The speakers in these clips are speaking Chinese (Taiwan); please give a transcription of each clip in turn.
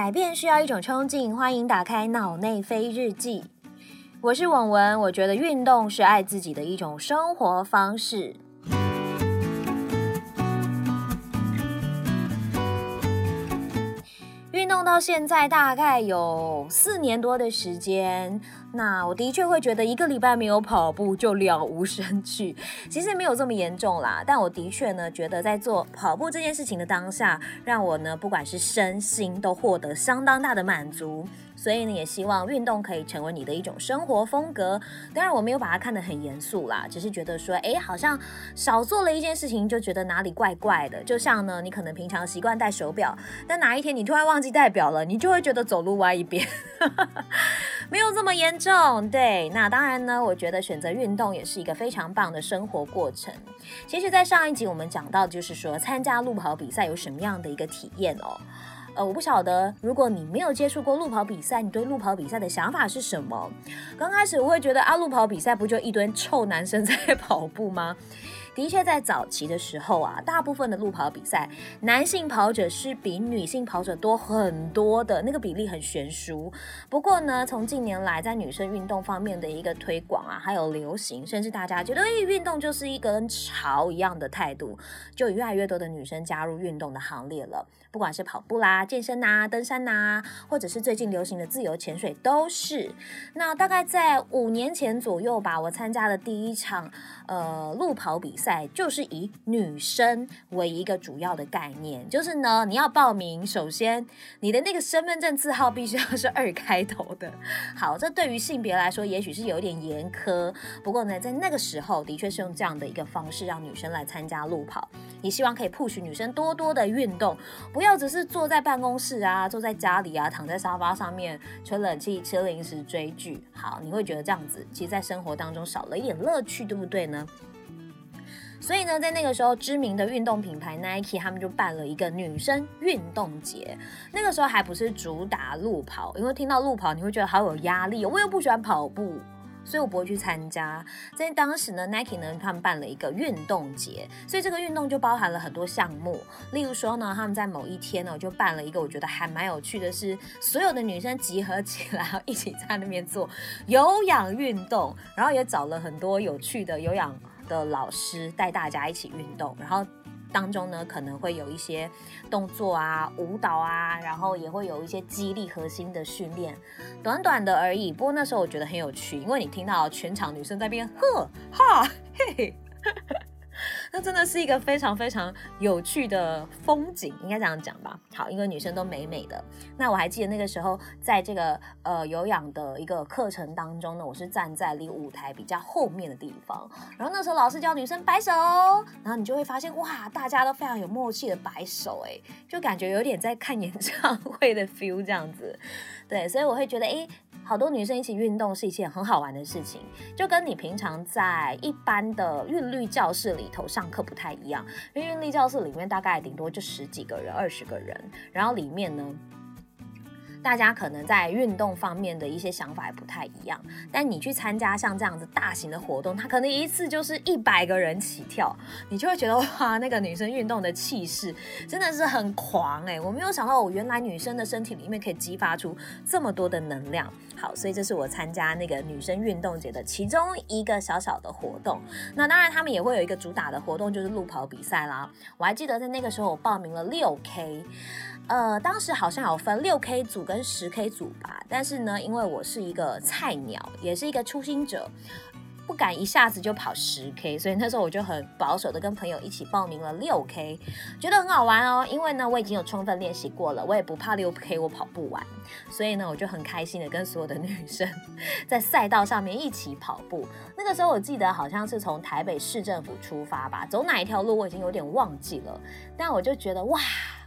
改變需要一種衝勁，歡迎打開腦內啡日記。我是文文，我覺得運動是愛自己的一種生活方式。運動到現在大概有四年多的時間。那我的確會覺得一個禮拜沒有跑步就了無生趣，其實沒有這麼嚴重啦。但我的確呢，覺得在做跑步這件事情的當下，讓我呢不管是身心都獲得相當大的滿足。所以呢，也希望運動可以成為你的一種生活風格。當然，我沒有把它看得很嚴肅啦，只是覺得說，哎、欸，好像少做了一件事情，就覺得哪裡怪怪的。就像呢，你可能平常習慣戴手表，但哪一天你突然忘記戴表了，你就會覺得走路歪一邊。 沒有這麼嚴重，對。那當然呢，我覺得選擇運動也是一個非常棒的生活過程。其實，在上一集我們講到，就是說參加路跑比賽有什麼樣的一個體驗哦。呃，我不曉得，如果你沒有接觸過路跑比賽，你對路跑比賽的想法是什麼？剛開始我會覺得，啊，路跑比賽不就一堆臭男生在跑步嗎？的確，在早期的時候啊，大部分的路跑比賽，男性跑者是比女性跑者多很多的，那個比例很懸殊。不過呢，從近年來在女生運動方面的一個推廣啊，還有流行，甚至大家覺得，哎，運動就是一個跟潮一樣的態度，就越來越多的女生加入運動的行列了。不管是跑步啦、健身吶、登山吶，或者是最近流行的自由潛水，都是。那大概在五年前左右吧，我參加了第一場呃路跑比賽。就是以女生為一個主要的概念，就是呢，你要報名，首先你的那個身份證字號必須要是二開頭的。好，這對於性別來說，也許是有點嚴苛。不過呢，在那個時候，的確是用這樣的一個方式讓女生來參加路跑。你希望可以 push 女生多多的運動，不要只是坐在辦公室啊，坐在家裡啊，躺在沙發上面吹冷氣吃零食追劇。好，你會覺得這樣子，其實，在生活當中少了一點樂趣，對不對呢？所以呢，在那個時候，知名的運動品牌 Nike 他們就辦了一個女生運動節。那個時候還不是主打路跑，因為聽到路跑你會覺得好有壓力，我又不喜歡跑步，所以我不會去參加。在當時呢，Nike 呢他們辦了一個運動節，所以這個運動就包含了很多項目。例如說呢，他們在某一天呢就辦了一個，我覺得還蠻有趣的是，是所有的女生集合起來然後一起在那邊做有氧運動，然後也找了很多有趣的有氧，的老師帶大家一起運動，然後當中呢可能會有一些動作啊、舞蹈啊，然後也會有一些肌力核心的訓練，短短的而已。不過那時候我覺得很有趣，因為你聽到全場女生在邊呵哈嘿、嘿。 那真的是一個非常非常有趣的風景，應該這樣講吧。好，因為女生都美美的。那我還記得那個時候，在這個呃有氧的一個課程當中呢，我是站在離舞台比較後面的地方。然後那時候老師叫女生擺手，然後你就會發現哇，大家都非常有默契的擺手、欸，哎，就感覺有點在看演唱會的 feel 這樣子。對，所以我會覺得，哎、欸，好多女生一起運動是一件很好玩的事情，就跟你平常在一般的韻律教室裡頭上。上課不太一樣，因為立教室裡面大概頂多就十幾個人、二十個人，然後裡面呢。大家可能在運動方面的一些想法也不太一樣，但你去參加像這樣子大型的活動，它可能一次就是一百個人起跳，你就會覺得哇，那個女生運動的氣勢真的是很狂欸！我沒有想到，我原來女生的身體裡面可以激發出這麼多的能量。好，所以這是我參加那個女生運動節的其中一個小小的活動。那當然，他們也會有一個主打的活動，就是路跑比賽啦。我還記得在那個時候，我報名了六 K。呃，當時好像有分六 k 組跟十 k 組吧，但是呢，因為我是一個菜鳥，也是一個初心者，不敢一下子就跑十 k，所以那時候我就很保守的跟朋友一起報名了六 k，覺得很好玩哦。因為呢，我已經有充分練習過了，我也不怕六 k 我跑不完，所以呢，我就很開心的跟所有的女生在賽道上面一起跑步。那個時候我記得好像是從台北市政府出發吧，走哪一條路我已經有點忘記了，但我就覺得哇。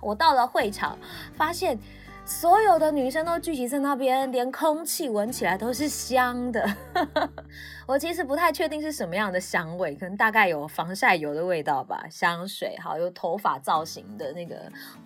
我到了會場，發現所有的女生都聚集在那邊，連空氣聞起來都是香的。 我其實不太確定是什麼樣的香味，可能大概有防曬油的味道吧，香水，好，有頭髮造型的那個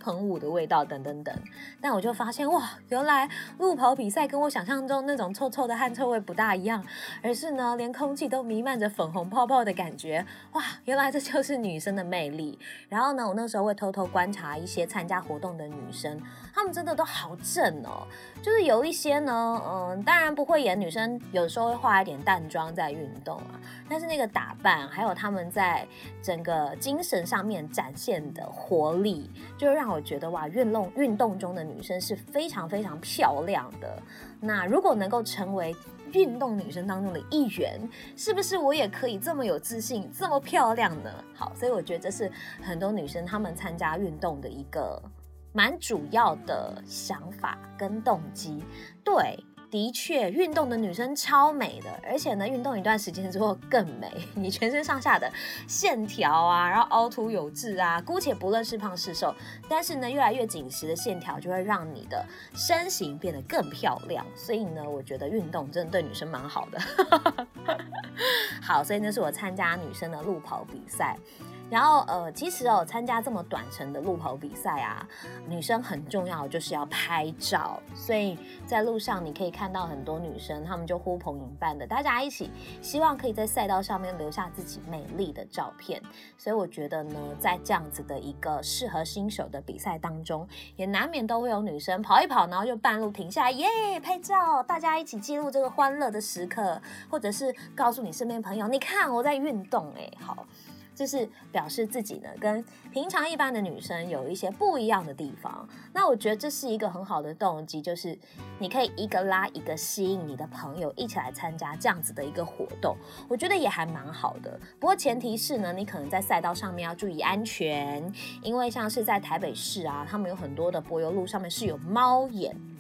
噴霧的味道等等等。但我就發現哇，原來路跑比賽跟我想象中那種臭臭的汗臭味不大一樣，而是呢，連空氣都彌漫着粉紅泡泡的感覺。哇，原來這就是女生的魅力。然後呢，我那時候會偷偷觀察一些參加活動的女生，她們真的都好正哦。就是有一些呢，嗯、呃，當然不會演女生，有的時候會化一點淡妝。在運動啊，但是那個打扮，還有他們在整個精神上面展現的活力，就讓我覺得哇，運動運動中的女生是非常非常漂亮的。那如果能夠成為運動女生當中的一員，是不是我也可以這麼有自信，這麼漂亮呢？好，所以我覺得這是很多女生她們參加運動的一個蠻主要的想法跟動機。對。的確，運動的女生超美的，而且呢，運動一段時間之後更美。你全身上下的線條啊，然後凹凸有致啊，姑且不論是胖是瘦，但是呢，越來越緊實的線條就會讓你的身形變得更漂亮。所以呢，我覺得運動真的對女生蠻好的。 好，所以呢，是我參加女生的路跑比賽。然後呃，其實哦，參加這麼短程的路跑比賽啊，女生很重要，就是要拍照。所以在路上你可以看到很多女生，她們就呼朋引伴的，大家一起，希望可以在賽道上面留下自己美麗的照片。所以我覺得呢，在這樣子的一個適合新手的比賽當中，也難免都會有女生跑一跑，然後就半路停下來，耶，拍照，大家一起記錄這個歡樂的時刻，或者是告訴你身邊朋友，你看我在運動欸，哎，好。就是表示自己呢，跟平常一般的女生有一些不一樣的地方。那我覺得這是一個很好的動機，就是你可以一個拉一個吸引你的朋友一起來參加這樣子的一個活動，我覺得也還蠻好的。不過前提是呢，你可能在賽道上面要注意安全，因為像是在台北市啊，他們有很多的柏油路上面是有貓眼。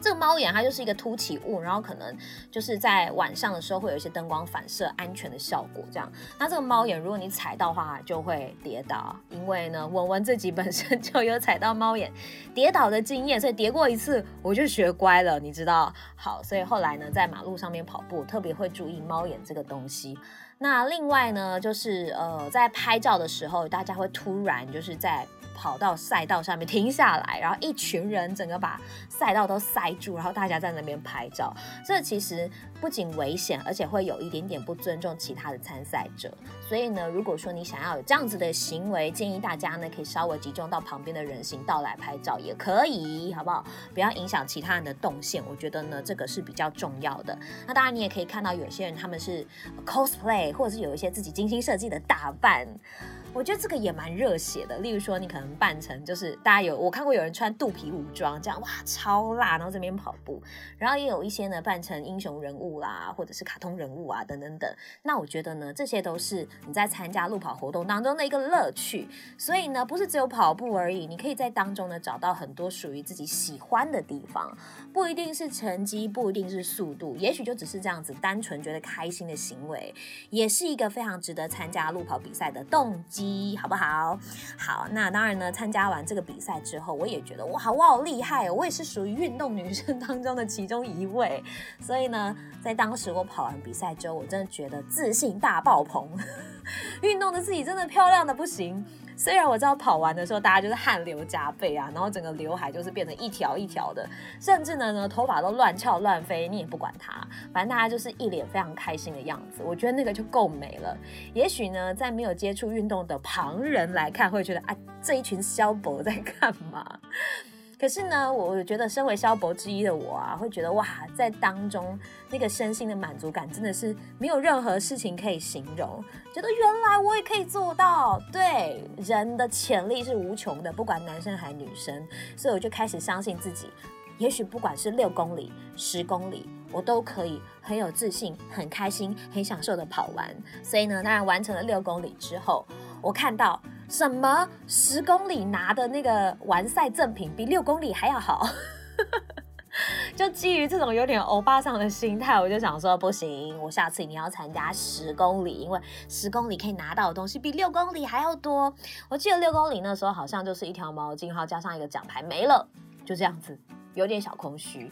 這個貓眼它就是一個凸起物，然後可能就是在晚上的時候會有一些燈光反射，安全的效果這樣。那這個貓眼如果你踩到的話就會跌倒，因為呢文文自己本身就有踩到貓眼跌倒的經驗，所以跌過一次我就學乖了，你知道？好，所以後來呢，在馬路上面跑步特別會注意貓眼這個東西。那另外呢就是呃，在拍照的時候大家會突然就是在。跑到賽道上面停下來，然後一群人整個把賽道都塞住，然後大家在那邊拍照。這其實不僅危險，而且會有一點點不尊重其他的參賽者。所以呢，如果說你想要有這樣子的行為，建議大家呢可以稍微集中到旁邊的人行道來拍照也可以，好不好？不要影響其他人的動線。我覺得呢，這個是比較重要的。那當然，你也可以看到有些人他們是 cosplay，或者是有一些自己精心設計的打扮。我覺得這個也蠻熱血的，例如說你可能扮成就是大家，有我看過有人穿肚皮舞裝，這樣哇，超辣，然後這邊跑步，然後也有一些呢扮成英雄人物啦，或者是卡通人物啊等等等。那我覺得呢，這些都是你在參加路跑活動當中的一個樂趣，所以呢，不是只有跑步而已，你可以在當中呢找到很多屬於自己喜歡的地方，不一定是成績，不一定是速度，也許就只是這樣子單純覺得開心的行為，也是一個非常值得參加路跑比賽的動機。好不好？好，那當然呢，參加完這個比賽之後，我也覺得，哇，我好厲害哦！我也是屬於運動女生當中的其中一位。所以呢，在當時我跑完比賽之後，我真的覺得自信大爆棚， 運動的自己真的漂亮的不行。雖然我知道跑完的時候大家就是汗流浹背啊，然後整個劉海就是變成一條一條的，甚至呢呢頭髮都亂翹亂飛，你也不管它，反正大家就是一臉非常開心的樣子，我覺得那個就夠美了。也許呢，在沒有接觸運動的旁人來看，會覺得啊，這一群消薄在幹嘛？可是呢，我覺得身為消博之一的我啊，會覺得哇，在當中那個身心的滿足感真的是沒有任何事情可以形容。覺得原來我也可以做到，對，人的潛力是無窮的，不管男生還是女生。所以我就開始相信自己，也許不管是六公里、十公里，我都可以很有自信、很開心、很享受的跑完。所以呢，當然完成了六公里之後，我看到什麼十公里拿的那個完賽贈品比六公里還要好？ 就基於這種有點歐巴桑的心態，我就想說不行，我下次一定要參加十公里，因為十公里可以拿到的東西比六公里還要多。我記得六公里那時候好像就是一條毛巾，然後加上一個獎牌沒了，就這樣子，有點小空虛。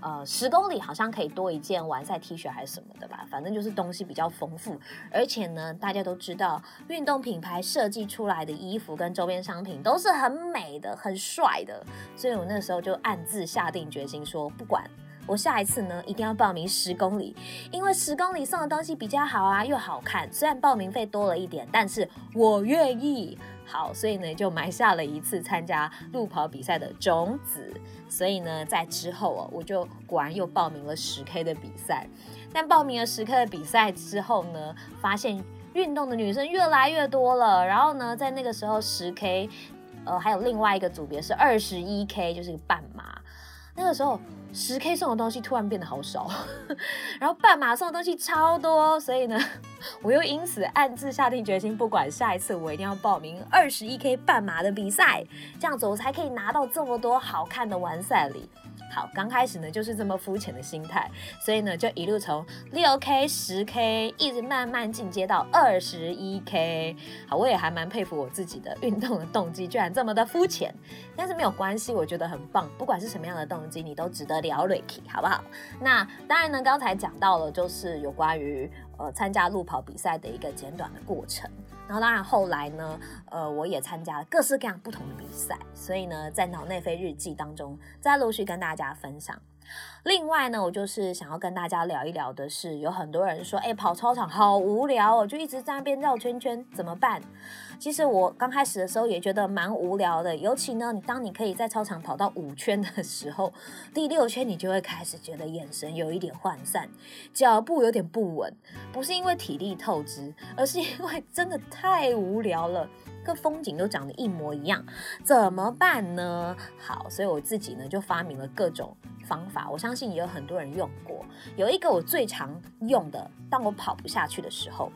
呃，十公里好像可以多一件完賽 T 恤還是什麼的吧，反正就是東西比較豐富。而且呢，大家都知道，運動品牌設計出來的衣服跟周邊商品都是很美的、很帥的，所以我那時候就暗自下定決心說，不管。我下一次呢，一定要報名十公里，因為十公里送的東西比較好啊，又好看。雖然報名費多了一點，但是我願意。好，所以呢，就埋下了一次參加路跑比賽的種子。所以呢，在之後啊，我就果然又報名了十 K 的比賽。但報名了十 K 的比賽之後呢，發現運動的女生越來越多了。然後呢，在那個時候十 K，呃，還有另外一個組別是二十一 K，就是半馬。那個時候，十 k 送的東西突然變得好少， 然後半馬送的東西超多，所以呢，我又因此暗自下定決心，不管下一次我一定要報名二十一 k 半馬的比賽，這樣子我才可以拿到這麼多好看的完賽禮。好，剛開始呢就是這麼膚淺的心態，所以呢就一路從六 k 十 k 一直慢慢進階到二十一 k。好，我也還蠻佩服我自己的運動的動機居然這麼的膚淺，但是沒有關係，我覺得很棒。不管是什麼樣的動機，你都值得聊 lucky，好不好？那當然呢，剛才講到了就是有關於。呃，參加路跑比賽的一個簡短的過程，然後當然後來呢，呃，我也參加了各式各樣不同的比賽，所以呢，在腦內啡日記當中再陸續跟大家分享。另外呢，我就是想要跟大家聊一聊的是，有很多人說，哎、欸，跑操場好無聊哦，我就一直在那邊繞圈圈，怎麼辦？其實我剛開始的時候也覺得蠻無聊的，尤其呢，你當你可以在操場跑到五圈的時候，第六圈你就會開始覺得眼神有一點渙散，腳步有點不穩，不是因為體力透支，而是因為真的太無聊了，跟風景都長得一模一樣，怎麼辦呢？好，所以我自己呢就發明了各種方法，我相信也有很多人用過。有一個我最常用的，當我跑不下去的時候，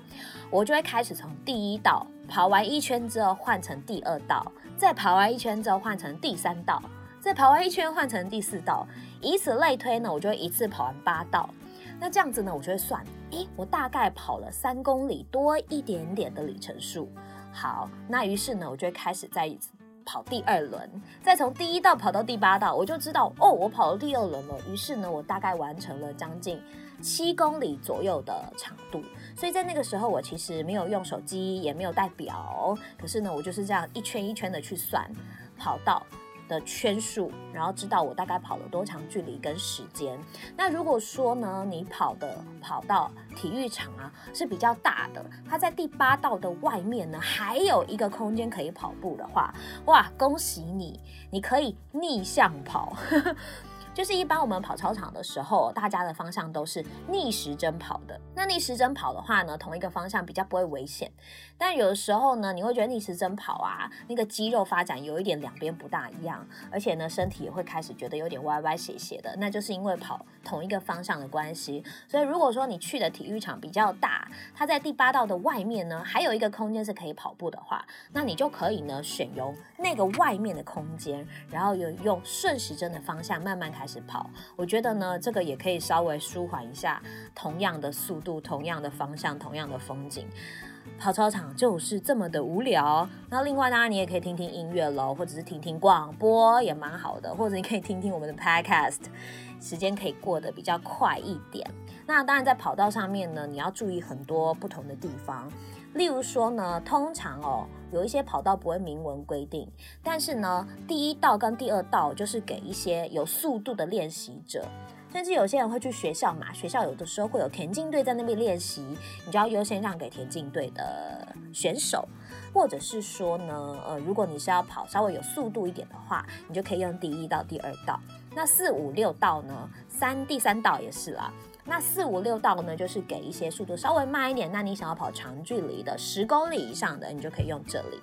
我就會開始從第一道。跑完一圈之後換成第二道，再跑完一圈之後換成第三道，再跑完一圈換成第四道，以此類推呢，我就會一次跑完八道。那這樣子呢，我就會算，哎、欸，我大概跑了三公里多一點點的里程數。好，那於是呢，我就會開始再一次跑第二輪，再從第一道跑到第八道，我就知道哦，我跑了第二輪了。於是呢，我大概完成了將近，七公里左右的長度，所以在那個時候，我其實沒有用手機，也沒有帶錶，可是呢，我就是這樣一圈一圈的去算跑道的圈數，然後知道我大概跑了多長距離跟時間。那如果說呢，你跑的跑道體育場啊是比較大的，它在第八道的外面呢，還有一個空間可以跑步的話，哇，恭喜你，你可以逆向跑。呵呵就是一般我們跑操場的時候，大家的方向都是逆時針跑的。那逆時針跑的話呢，同一個方向比較不會危險。但有的時候呢，你會覺得逆時針跑啊，那個肌肉發展有一點兩邊不大一樣，而且呢，身體也會開始覺得有點歪歪斜斜的。那就是因為跑同一個方向的關係。所以如果說你去的體育場比較大，它在第八道的外面呢，還有一個空間是可以跑步的話，那你就可以呢，選用那個外面的空間，然後有用順時針的方向慢慢。開始跑，我覺得呢，這個也可以稍微舒緩一下。同樣的速度，同樣的方向，同樣的風景，跑操場就是這麼的無聊。那另外，當然你也可以聽聽音樂嘍，或者是聽聽廣播，也蠻好的。或者你可以聽聽我們的 Podcast，時間可以過得比較快一點。那當然，在跑道上面呢，你要注意很多不同的地方。例如說呢，通常哦，有一些跑道不會明文規定，但是呢，第一道跟第二道就是給一些有速度的練習者，甚至有些人會去學校嘛，學校有的時候會有田徑隊在那邊練習，你就要優先讓給田徑隊的選手，或者是說呢，呃，如果你是要跑稍微有速度一點的話，你就可以用第一道、第二道，那四五六道呢，三、第三道也是啦。那四五六道呢，就是給一些速度稍微慢一點，那你想要跑長距離的十公里以上的，你就可以用這裡。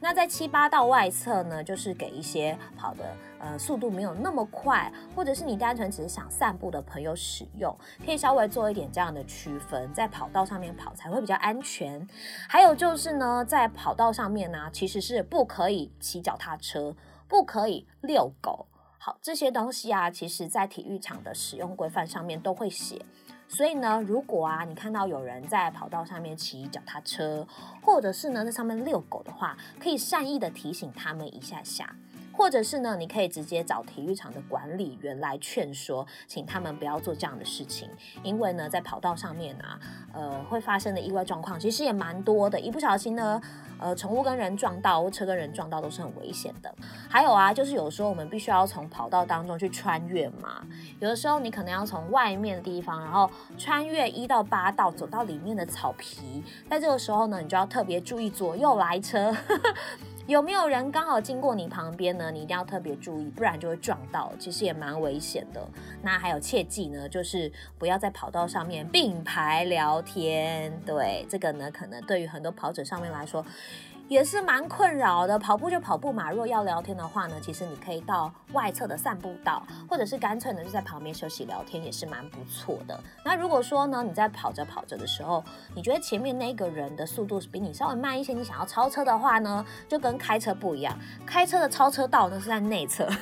那在七八道外側呢，就是給一些跑的呃速度沒有那麼快，或者是你單純只是想散步的朋友使用，可以稍微做一點這樣的區分，在跑道上面跑才會比較安全。還有就是呢，在跑道上面呢，啊，其實是不可以騎腳踏車，不可以遛狗。好，這些東西啊，其實在體育場的使用規範上面都會寫。所以呢，如果啊，你看到有人在跑道上面騎腳踏車，或者是呢在上面遛狗的話，可以善意的提醒他們一下下。或者是呢，你可以直接找體育場的管理員來勸說，請他們不要做這樣的事情。因為呢，在跑道上面啊，呃，會發生的意外狀況其實也蠻多的。一不小心呢，呃，寵物跟人撞到，或車跟人撞到都是很危險的。還有啊，就是有時候我們必須要從跑道當中去穿越嘛。有的時候你可能要從外面的地方，然後穿越一到八道，走到裡面的草皮。在這個時候呢，你就要特別注意左右來車。呵呵有沒有人剛好經過你旁邊呢？你一定要特別注意，不然就會撞到，其實也蠻危險的。那還有切記呢，就是不要在跑道上面並排聊天。對，這個呢，可能對於很多跑者上面來說。也是蠻困擾的，跑步就跑步嘛。若要聊天的話呢，其實你可以到外側的散步道，或者是乾脆的就在旁邊休息聊天，也是蠻不錯的。那如果說呢，你在跑着跑着的時候，你覺得前面那個人的速度是比你稍微慢一些，你想要超車的話呢，就跟開車不一樣，開車的超車道呢是在內側，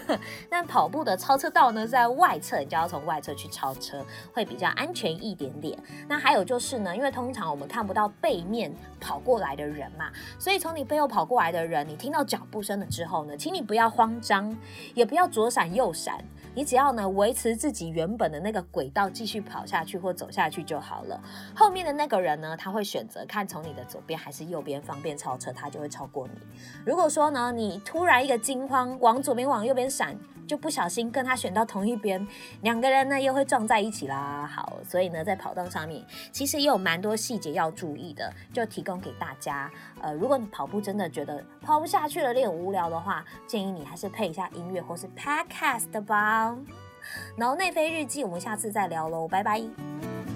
但跑步的超車道呢是在外側，你就要從外側去超車，會比較安全一點點。那還有就是呢，因為通常我們看不到背面跑過來的人嘛，所以從你背後跑過來的人，你聽到腳步聲了之後呢，請你不要慌張，也不要左閃右閃，你只要呢維持自己原本的那個軌道繼續跑下去或走下去就好了。後面的那個人呢，他會選擇看從你的左邊還是右邊方便超車，他就會超過你。如果說呢，你突然一個驚慌，往左邊往右邊閃。就不小心跟他選到同一邊，兩個人呢又會撞在一起啦。好，所以呢在跑道上面，其實也有蠻多細節要注意的，就提供給大家。呃，如果你跑步真的覺得跑不下去了、練無聊的話，建議你還是配一下音樂或是 Podcast 吧。然後內啡日記，我們下次再聊嘍，拜拜。